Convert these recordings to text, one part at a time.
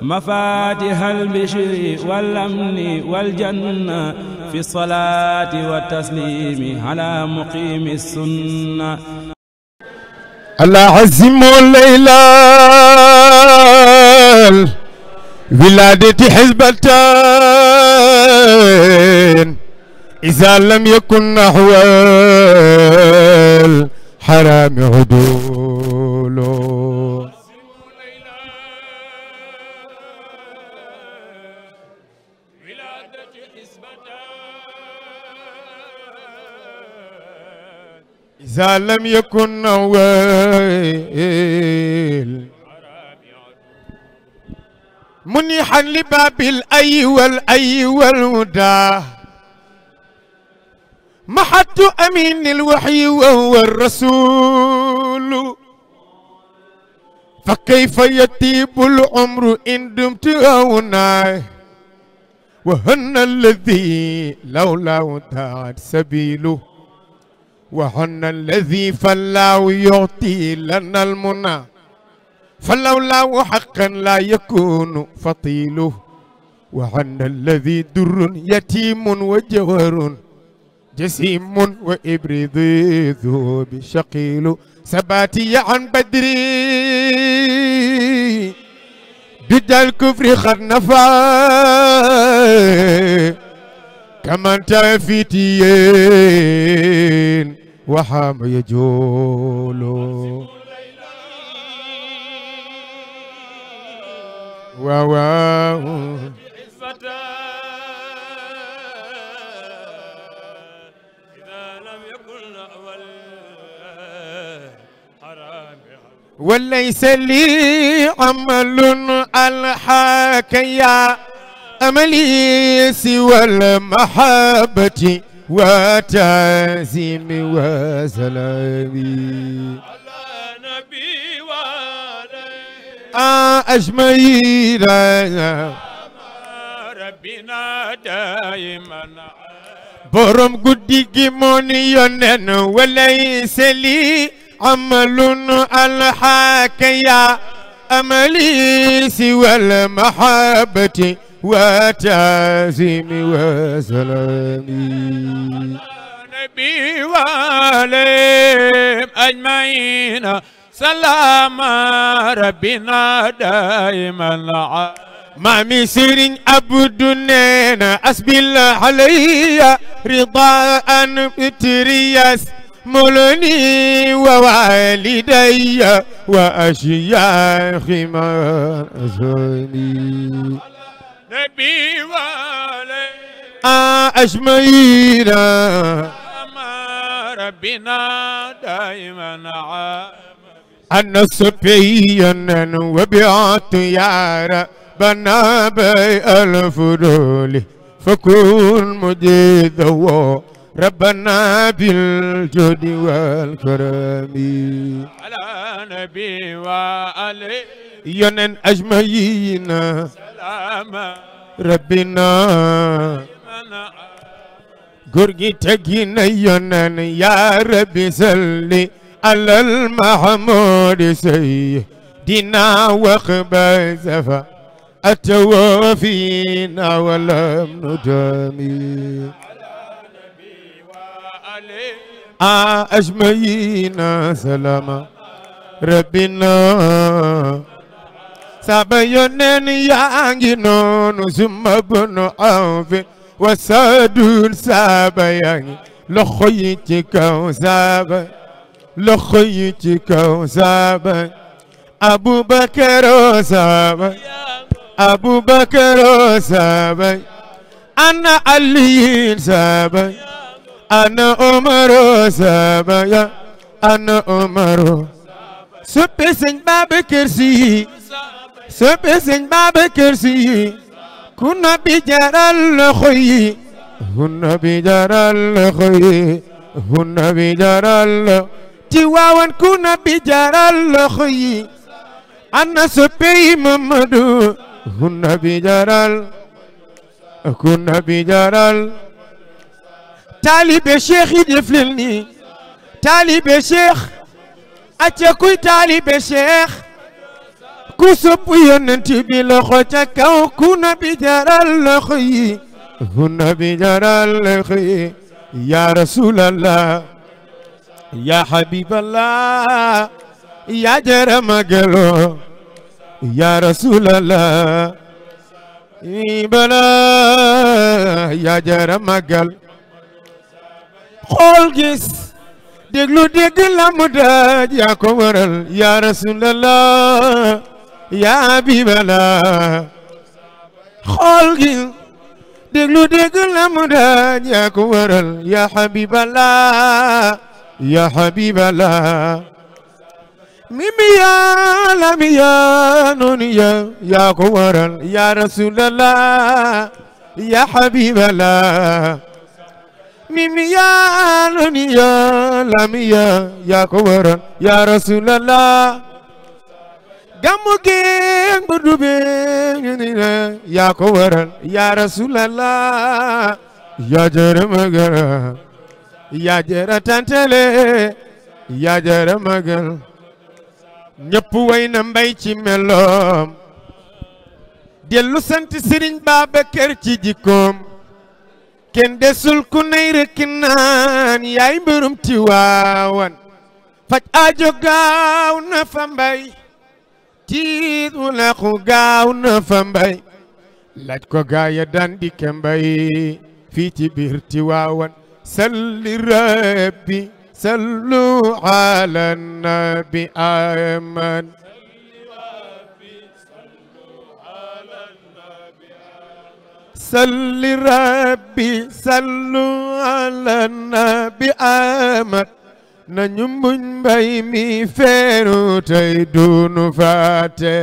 mafatih albishri walamni waljanna fi salaati wa taslimi ala muqimi sunna allah azimu leylal wiladati xisbatan iza lam yakun nahwal harami hudu إذا لم يكن نويل منيحا لباب الأي والأي والهدى محت أمين الوحي وهو الرسول فكيف يتيب العمر إن دمت هنا وهن الذي لولا دعت سبيله وحن الذي فلا يعطي لنا المنى فلولا حقا لا يكون فطيله وحن الذي در يتيم وجوار جسيم وإبرد ذوب شقيل سباتي عن بدري بدا الكفر قد نفى كما انت فيتيين وحام يجول وواو وليس لي عمل الحاكيا أملي سوى المحبة وتعزيم وسلام على نبي وعليه أجمعين ربنا دائما borom guddi gi moo ni yónneen walaysa lii amalun alxaaka yaa amali siwal mahabati وتعزيم وسلام نبي وعليم أجمعين سلام ربنا دائما ما من سير أبد نينا أسبي الله علي رضاء بترياس مولني ووالدي وأشياخ ما أزوني نبي والي أجمعين ما ربنا دائما أن صفيا وبعت يا ربنا بي الفضول فكون مجيدا ربنا بالجود والكرم على نبي وعلي ينن أجمعين aman rabbina góor gi teggi na yonan yaa rabbi salli alal mahamudi sayyidina waqba zafa atawafina walam nudami ajmaina salama rabbina saba yoneen yaa ngi noonu suma bunu awfi wa sadul saba yaa ngi loxo yi ci kaw saba loxo yi ci kaw saba abubakaro saba abubakaro saba ana aliyin saba ana umaro saba ya ana umaro suppe sëñ Babakar Si soppe sëñ Babacar Si ku noppi jaral loxo yi ku noppi jaral loxo yi ku noppi jaral loxo ci waawan ku noppi jaral loxo yi ana soppe yi Mamadu ku noppi jaral ku noppi jaral taalibe cheikh yi def leen nii taalibe cheikh acca kuy taalibe cheikh ku sopp yonent bi loxo ca kaw ku nabi jaral loxo yi ku nabi jaral loxo yi ya rasulallah ya habiballah ya jara magalo ya rasulallah bala ya jara magal xool gis mu daaj yaa ko waral ya rasulallah yaa bi bala xool gi mu daan yaa ko waral xabibala yaa xabibala mimi yaa la mi yaa noonu yaa yaa ko waral yaa xabibala mimi yaa la mi la mi yaa yaa ko waral gàmmu géeg bu ni la yaa waral yaa rasulallah yaa jara magal yaa jara tantale yaa jara magal ñëpp way na mbay ci meloom dellu sant Sëriñ Babacar ci jikkoom kenn desul rëkk naan yaay mbërum Tiwaawan faj aajo gaaw na fa mbay tiitu laqu gaaw na fa mbay laaj ko gaaya daan dikke fii ci biir ti waawan salli rabbi sallu ala nabi aman salli rabbi sallu ala nañu muñ mbay mi feeru tey duunu faate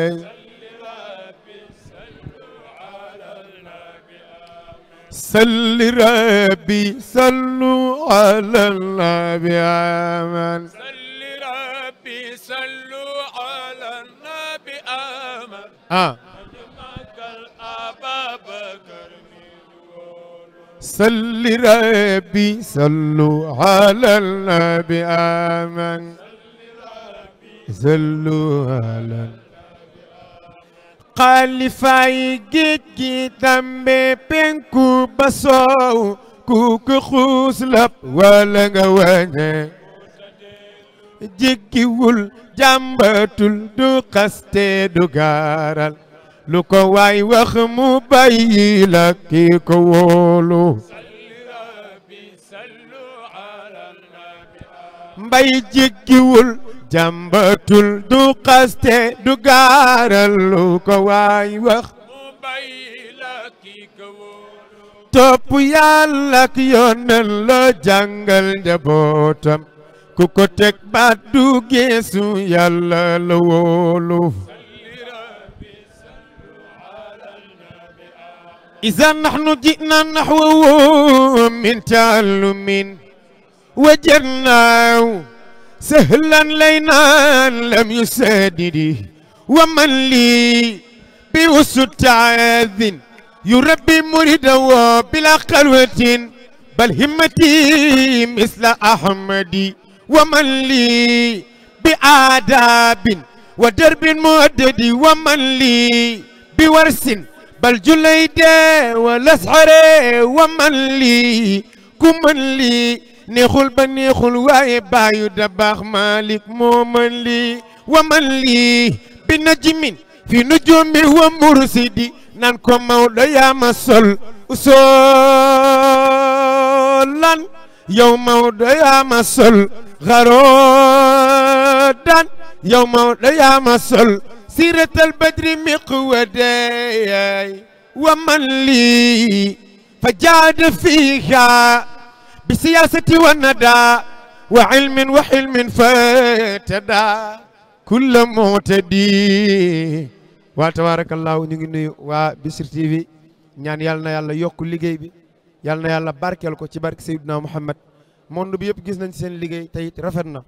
salli rabbi sallu ala nabi aman salli rabbi sallu ala nabi aman ah صل ربي صلوا على النبي آمن صلوا على xalifaay géej gi dambe penku ba soow ku ko xuus lab wala nga wañe jéggiwul jàmbatul du xaste du gaaral lu ko waay wax mu bàyyi la kii ko wóolu mbay jiggiwul jàmbatul du xaste du gaaral lu ko waay wax topp yàlla ak yónneen la jàngal njabootam ku ko teg baat du geesu yàlla la wóolu إذا نحن جئنا نحو من تعلم وجرناه سهلا لينا لم يسادده ومن لي بوسط تعاذ يربي مريده بلا قلوة بل همتي مثل أحمد ومن لي بآداب ودرب مؤدد ومن لي بورس bal julayde wa lasxare wa man lii ku mën lii neexul ba neexul waaye baayu da baax Malick moo mën lii wa man lii bi najmin fi nujumi wa mursidi nan ko Maodo yaa ma sol usolan yow Maodo yaa ma sol xarodan yow Maodo yaa ma sol سيرة البدر مقودي ومن لي فجاد فيها بسياسة والندى وعلم وحلم فاتدى كل معتدي وتبارك الله نيغي وبسر تي في ñaan yàlla na yàlla yokk liggéey bi yàlla na yàlla barkeel ko ci barke Seydina Muhammad monde bi yëpp gis nañ seen liggéey teyit rafet na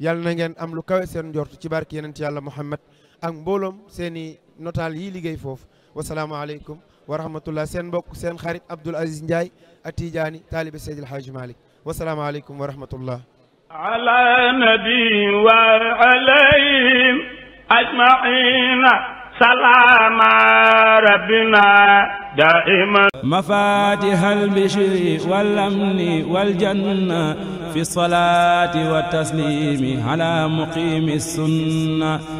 yàlla na ngeen am lu kawe seen njort ci barke yeneen ci yàlla Muhammad ak mbooloom seen i notaal yi liggéey foofu wasalaamaaleykum wa rahmatullah seen mbokk seen xarit Abdoul Aziz Ndiaye a Tijaani taalibe Seydil Hadji Malick wasalaamaaleykum wa rahmatullah ala nabi wa alayhim ajmaina salaama rabbina daiman mafatihal bishri wal amni wal janna fi salaati wa tasliimi ala muqiimi sunna